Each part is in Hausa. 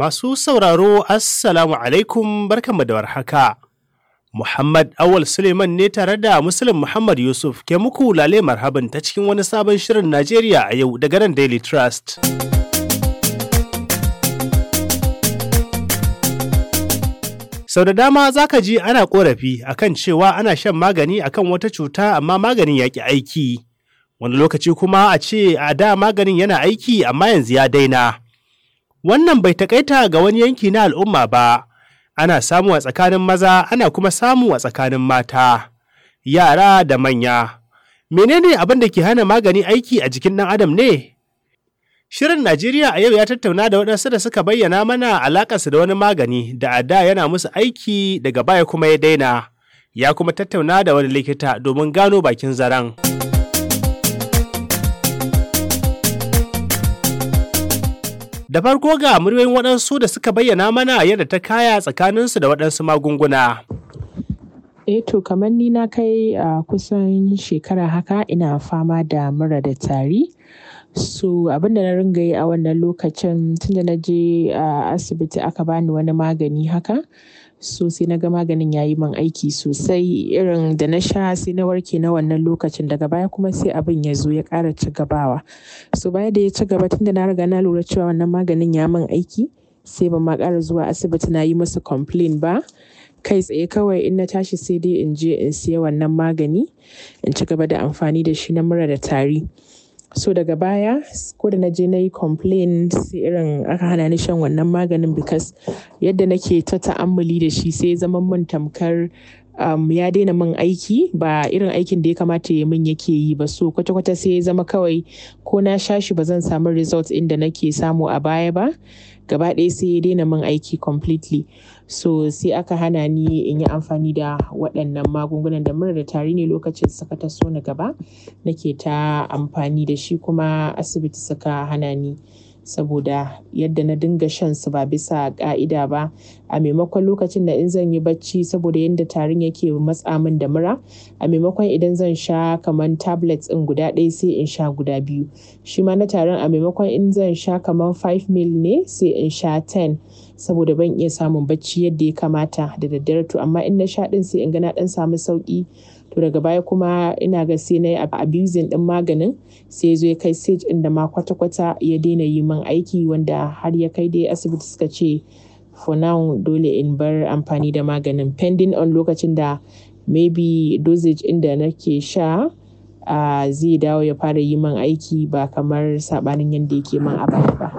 Masu sauraro Assalamu alaikum barkanmu da warhaka. Muhammad Awal Suleiman ne tare da Muslim Muhammad Yusuf ke muku lale marhaban ta cikin wani sabon shirin Najeriya a yau daga nan Daily Trust. Sau da dama za ka ji ana korafi akan cewa ana shan magani akan wata cuta amma maganin ya ƙi aiki. Wani lokaci kuma a ce a da maganin yana aiki amma yanzu ya daina. Wannan bai takaita ga wani yanki na al'umma ba, ana samu a tsakanin maza ana kuma samu a tsakanin mata, yara da manya. Menene abin da ke hana magani aiki a jikin ɗan adam ne? Shirin Najeriya a yau ya tattauna da waɗansu da suka bayyana mana su da wani magani da a da yana musu aiki daga baya kuma ya daina, ya kuma tattauna da wani likita domin gano bakin zaren. Da farko ga muryoyin waɗansu da suka bayyana mana yadda ta kaya tsakaninsu da waɗansu magunguna. eh to kamar ni na kai a kusan shekara haka ina fama da mura da tari so abin da na ringa yi a wannan lokacin tunda na je a asibiti aka bani wani magani haka sosai na ga maganin ya yi min aiki sosai irin da na sha sai na warke na wannan lokacin daga baya kuma sai abin ya zo ya kara ci gabawa. So baya da ya ci gaba tunda na riga na lura cewa wannan maganin ya min aiki sai ban ma ƙara zuwa asibiti na yi musu complain ba. Kai tsaye kawai in na tashi sai dai in je in siya wannan magani in ci gaba da amfani da shi na mura da tari. So daga baya ko da na je na yi complain sai irin aka hana ni shan wannan maganin because yadda nake ta ta'ammali da shi sai zama mun tamkar um, ya daina min aiki ba irin aikin da ya kamata ya min yake yi ba so kwata-kwata sai ya zama kawai ko na sha shi ba zan samu results inda nake samu a baya ba gaba ɗaya sai ya daina min aiki completely so sai aka hana ni in yi amfani da waɗannan magungunan da mura da tari ne lokacin suka so na gaba nake ta amfani da shi kuma asibiti suka hana ni. saboda yadda na dinga shan su ba bisa ka'ida ba. A maimakon lokacin da in zan yi bacci saboda yadda tarin yake matsa min da mura, a maimakon idan zan sha kaman tablet in guda ɗaya sai in sha guda biyu. Shi ma na tarin a maimakon in zan sha kaman 5 mil ne sai in sha 10 saboda ban iya samun bacci yadda ya kamata da daddare to amma in na sha ɗin sai in ga na ɗan samu sauƙi. to daga baya kuma ina ga sai na yi abusing din maganin sai zo ya kai stage inda da ma kwata-kwata ya daina yi man aiki wanda har ya kai dai asibiti suka ce for now dole in bar amfani da maganin pending on lokacin da maybe dosage inda nake sha uh, zai dawo ya fara yi man aiki ba kamar sabanin yadda yake man a baya ba.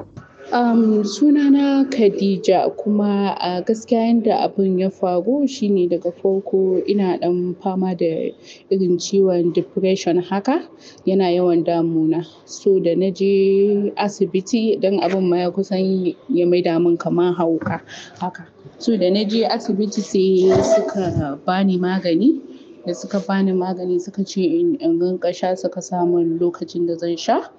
Um, sunana Khadija kuma a gaskiya yanda abin ya faru shine daga farko ina dan fama da irin ciwon depression haka yana yawan damuna. So da na je asibiti don abin ma ya kusan ya maida damun kamar hauka haka. So da na je asibiti sai suka bani magani. Da suka bani magani suka ce in rinƙa sha suka samun lokacin da zan sha.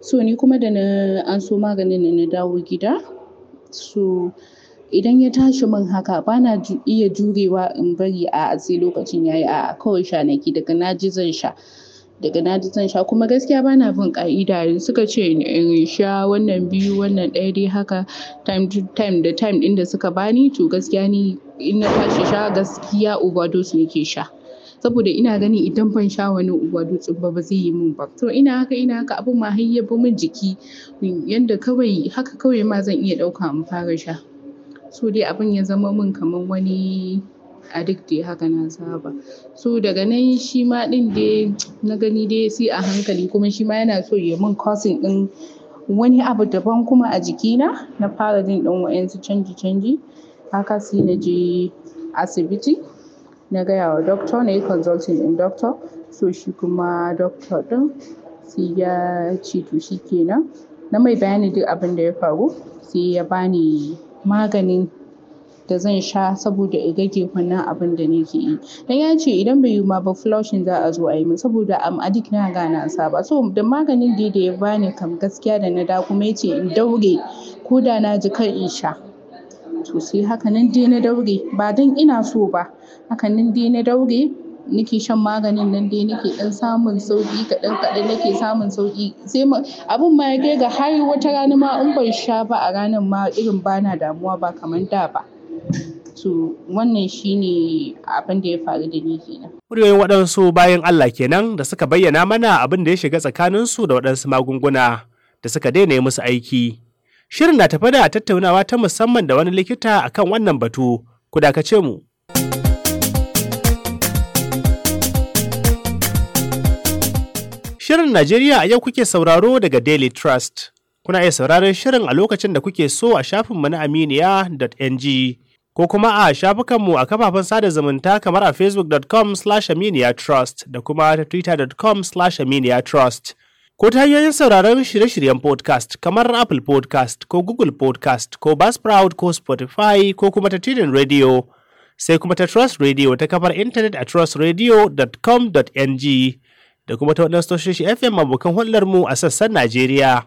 so ni kuma da na an so maganin nan na dawo gida so idan ya tashi min haka bana iya jurewa in bari a sai lokacin yayi a kawai sha daga naji zan sha daga zan sha kuma gaskiya bana bin ka'ida suka ce in sha wannan biyu wannan ɗaya dai haka time to time da time ɗin da suka bani to gaskiya ni in na tashi sha gaskiya overdose nake sha. saboda ina gani idan ban sha wani uwa dutsen ba ba zai yi min ba to ina haka ina haka abin ma har ba min jiki yanda kawai haka kawai ma zan iya ɗauka in fara sha so dai abin ya zama min kamar wani addict dai haka na saba so daga nan shi ma ɗin dai na gani dai sai a hankali kuma shi ma yana so ya min causing ɗin wani abu daban kuma a jikina na fara jin ɗan wa'insu canji canji haka sai na je asibiti na gaya wa doctor na yi consulting in doctor so shi kuma doctor din sai ya ce to shi kenan na mai bayani duk abin da ya faru sai ya bani maganin da zan sha saboda in gage wannan abin da ke yi dan ya ce idan bai yi ma ba flushing za a zo a yi min saboda am addict na riga na saba so da maganin da ya bani kam gaskiya da na da kuma ya ce in daure ko da na ji kar in sha to sai haka dai na daure ba dan ina so ba haka nan dai na daure nake shan maganin nan dai nake dan samun sauƙi kaɗan kaɗan nake samun sauki sai abun ma ya kai ga har wata rana ma in ban sha ba a ranan ma irin bana damuwa ba kaman da ba. To wannan shine abin da ya faru da ni kenan. Muryoyin waɗansu bayan Allah kenan da suka bayyana mana abin da ya shiga tsakaninsu da waɗansu magunguna da suka daina musu aiki. Shirin na tafi da tattaunawa ta musamman da wani likita akan wannan batu, ku dakace mu. Shirin Najeriya a yau kuke sauraro daga Daily Trust. Kuna iya sauraron shirin a lokacin da kuke so a shafinmu na aminiya.ng ko kuma a shafukanmu a kafafen sada zumunta kamar a facebook.com slash aminiya trust da kuma ta twitter.com slash aminiya trust. ko ta hanyoyin sauraron shirye-shiryen podcast kamar Apple podcast ko Google podcast ko Buzzsprout ko Spotify ko kuma ta Tidin Radio sai kuma ta Trust Radio ta kafar intanet a trustradio.com.ng da kuma ta waɗansu toshoshi FM abokan hulɗar mu a sassan Najeriya.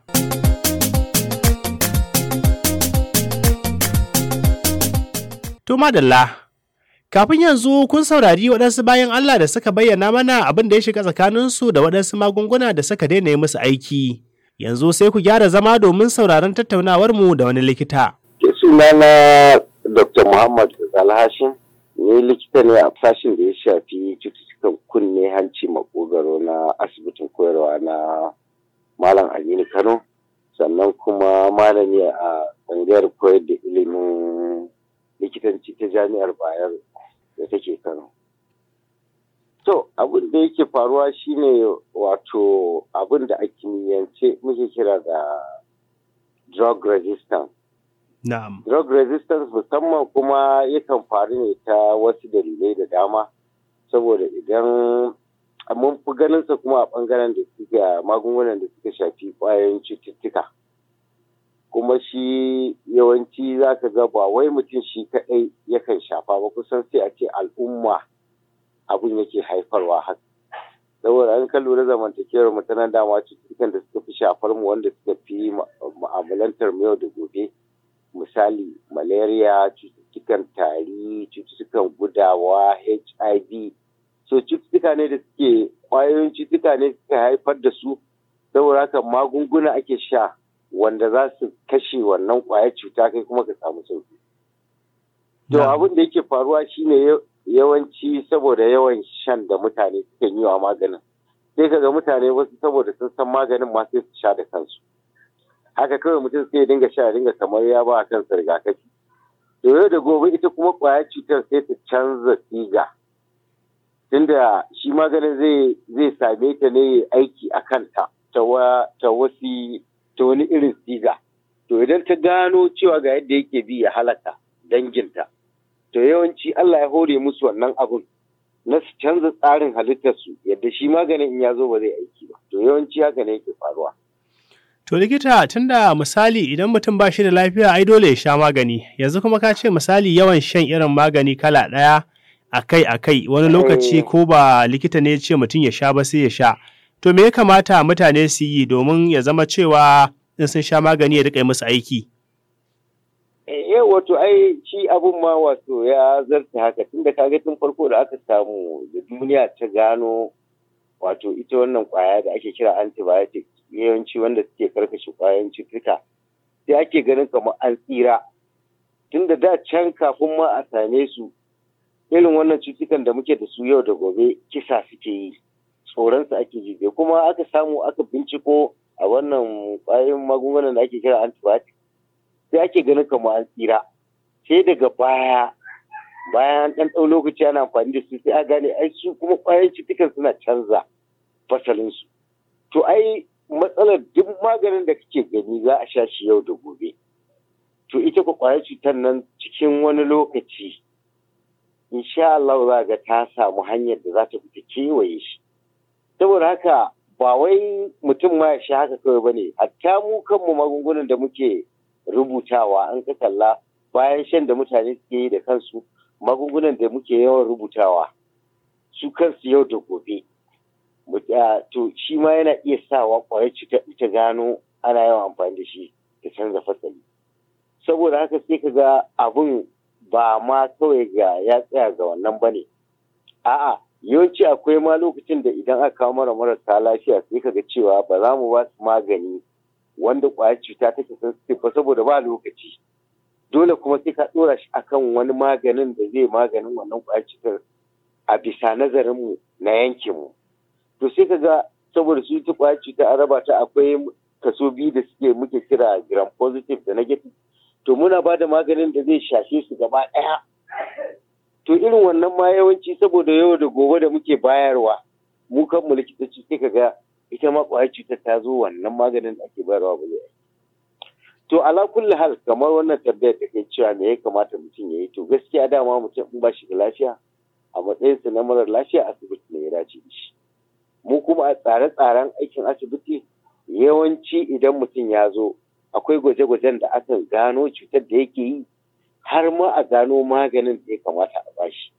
To madalla Kafin yanzu kun saurari waɗansu bayan Allah da suka bayyana mana abin da ya shiga tsakaninsu da waɗansu magunguna da suka daina musu aiki. Yanzu sai ku gyara zama domin sauraron tattaunawarmu da wani likita. Sunana Dr. Muhammad Alhashin ni likita ne a sashen da ya shafi cututtukan kunne hanci makogaro na asibitin koyarwa na Malam Aminu Kano sannan kuma malami a tsangayar koyar da ilimin likitanci ta jami'ar Bayero da take Kano. To, abin da yake faruwa shine wato abin da a kimiyyance muke kira da drug resistance. Na'am. Drug resistance musamman kuma yakan faru ne ta wasu dalilai da dama, saboda idan mun fi ganinsa kuma a ɓangaren da suke magungunan da suka shafi ƙwayoyin cututtuka. kuma shi yawanci za ka ga ba wai mutum shi kaɗai yakan shafa ba kusan sai a ce al'umma abin yake haifarwa haka saboda an kan lura zamantakewar mu ta dama cututtukan da suka fi shafar mu wanda suka fi ma'amalantar mu yau da gobe misali malaria cututtukan tari cututtukan gudawa hiv so cututtuka ne da suke kwayoyin cututtuka ne suka haifar da su saboda haka magunguna ake sha wanda za su kashe wannan kwaya cuta kai kuma ka samu sauki. To abin da yake faruwa shine yawanci saboda yawan shan da mutane suke yi wa maganin. Sai kaga mutane wasu saboda sun san maganin ma sai su sha da kansu. Haka kawai mutum sai dinga sha dinga kamar ya ba kansa rigakafi. To yau da gobe ita kuma kwaya cutar sai ta canza siga. Tunda shi maganin zai same ta ne aiki a kanta ta wasu ta wani irin siga to idan ta gano cewa ga yadda yake bi ya halaka danginta to yawanci Allah ya hore musu wannan abun na su canza tsarin halittarsu yadda shi maganin in ya zo ba zai aiki ba to yawanci haka ne yake faruwa To likita tunda misali idan mutum ba shi da lafiya ai dole ya sha magani yanzu kuma ka ce misali yawan shan irin magani kala ɗaya akai akai wani lokaci eh. ko ba likita ne ya ce mutum ya sha ba sai ya sha to me ya kamata mutane su yi domin ya zama cewa in sun sha magani ya yi musu aiki? Eh, eh wato ai shi abun ma wato ya zarta haka tun da kaga tun farko da aka samu da duniya ta gano wato ita wannan kwaya da ake kira antibiotics yawanci wanda suke karkashe kwayoyin cututtuka sai ake ganin kamar an tsira tun da can kafin ma a same su irin wannan cutukan da muke da su yau da gobe kisa suke yi. tsoronsa ake ji kuma aka samu aka binciko a wannan kwayoyin magungunan da ake kira antibiotic sai ake ganin kamar an tsira sai daga baya bayan ɗan lokaci ana amfani da su sai a gane ai su kuma kwayoyin cutukan suna canza fasalinsu to ai matsalar duk maganin da kake gani za a sha shi yau da gobe to ita ku ƙwayar cutar nan cikin wani lokaci insha Allah za ga ta samu hanyar da za ta fita kewaye shi saboda haka ba wai mutum ma ya shi haka kawai ba ne, hatta mu kanmu magungunan da muke rubutawa an ka kalla bayan shan da mutane suke yi da kansu magungunan da muke yawan rubutawa su kansu yau da gobe to shi ma yana iya sawa kwayar cuta ta gano ana yawan amfani da shi ta canza fasali saboda haka sai ka ga abun ba ma kawai ga ya tsaya ga wannan ba ne a'a yawanci akwai ma lokacin da idan aka kawo mara marasa lafiya sai ka ga cewa ba za mu ba su magani wanda kwayar cuta take sensitive ba saboda ba lokaci dole kuma sai ka dora shi akan wani maganin da zai maganin wannan kwayar cutar a bisa nazarin mu na yankin mu to sai ka ga saboda su ta kwayar cuta an raba ta akwai kaso biyu da suke muke kira gram positive da negative to muna ba da maganin da zai shafe su gaba ɗaya to irin wannan ma yawanci saboda yau da gobe da muke bayarwa mu kan mu ce sai kaga ita ma kwayar cutar ta zo wannan maganin da ake bayarwa ba zai to ala kulli hal kamar wannan tambayar da kai cewa me ya kamata mutum ya yi to gaskiya dama mutum in ba shi da lafiya a matsayin sa na marar lafiya asibiti ne ya dace da shi mu kuma a tsare-tsaren aikin asibiti yawanci idan mutum ya zo akwai gwaje-gwajen da akan gano cutar da yake yi har ma a gano maganin da ya kamata a bashi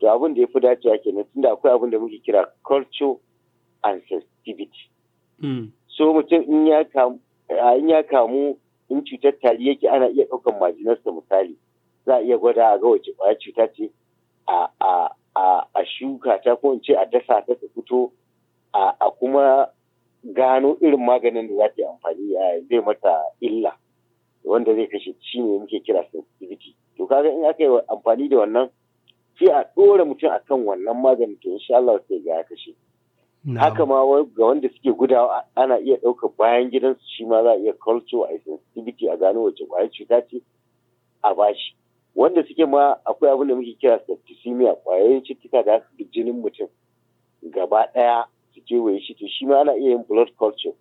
to abin da ya fi dacewa kenan tunda akwai abin da muke kira culture and sensitivity hmm. so mutum in ya kamu in cutar tari yake ana iya ɗaukar majinarsa misali za a iya gwada a ga wace ƙwayar cuta ce a shuka ta ko in ce a dasa ta ta fito a kuma gano irin maganin da za ta yi amfani zai mata illa wanda zai kashe shi ne muke kira sensitivity to kaga in aka yi amfani da wannan sai a ɗora mutum akan wannan magani to insha Allah sai ga ya kashe haka ma ga wanda suke gudawa ana iya ɗaukar bayan gidansu shi ma za a iya culture a sensitivity a gano wace ƙwayar cuta ce a bashi wanda suke ma akwai abin da muke kira septicemia ƙwayoyin cututtuka da su jinin mutum gaba ɗaya su kewaye shi to shi ma ana iya yin blood culture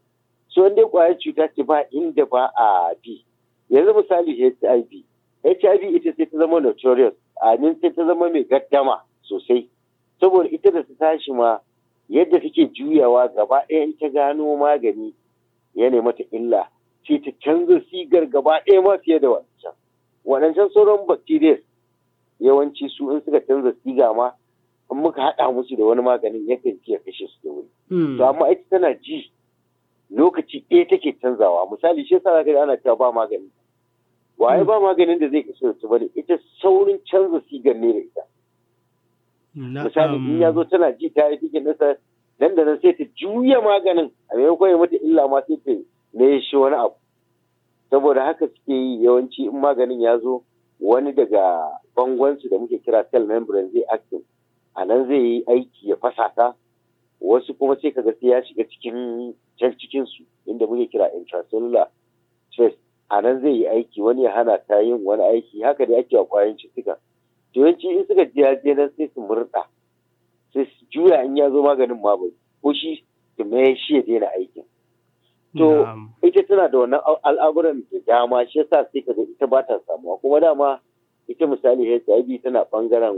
so wanda ƙwayar cuta ce ba inda ba a bi yanzu misali hiv hiv ita sai ta zama notorious nan sai ta zama mai gaddama sosai saboda ita da ta tashi ma yadda take juyawa gaba ɗaya in ta gano magani ya mata illa sai ta canza sigar gaba ɗaya ma fiye da wancan wadancan sauran bacteria yawanci su in suka canza siga ma in muka haɗa musu da wani maganin yakan ya kashe su da wuri hmm. to amma ita tana ji lokaci ɗaya take canzawa misali shi yasa zaka ana cewa ba magani waye hmm. ba maganin da zai kashe su bane ita saurin canza sigar ne da ita misali in um, ya zo tana ji ta yi cikin nasa nan da nan sai ta juya maganin a maimakon ya mata illa ma sai ta ne shi wani abu saboda haka suke yi yawanci in maganin ya zo wani daga bangonsu da muke kira cell membrane zai a nan zai yi aiki ya fasa ta wasu kuma sai kaga sai ya shiga cikin can cikin su inda muke kira intracellular stress a nan zai yi aiki wani ya hana ta yin wani aiki haka dai ake wa kwayoyin cutuka to yawanci in suka ji je nan sai su murɗa sai su juya in ya zo maganin ma bai ko shi su mai shi ya daina aikin to ita tana da wannan al'amuran da dama shi yasa sai kaga ita ba ta samuwa kuma dama ita misali HIV tana bangaren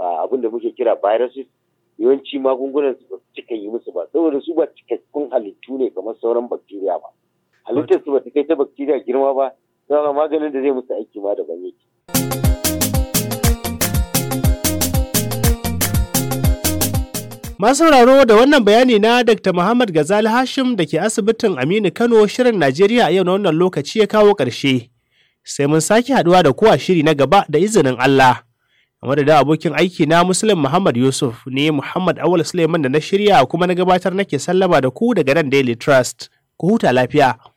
ah, abin da muke kira viruses yawanci magungunan su ba su cika yi musu ba saboda su ba cikakkun halittu ne kamar sauran bakteriya ba halittar su ba ta kai ta bakteriya girma ba sama maganin da zai musu aiki ma daban yake sauraro da wannan bayani na Dr. Muhammad Gazali Hashim da ke asibitin Aminu Kano shirin Najeriya a yau na wannan lokaci ya kawo ƙarshe. Sai mun sake haɗuwa da kowa shiri na gaba da izinin Allah. a madadin abokin aiki na Muslim Muhammad Yusuf ne Muhammad Awal Suleiman da na shirya kuma na gabatar nake sallama da ku daga nan Daily Trust. Ku huta lafiya.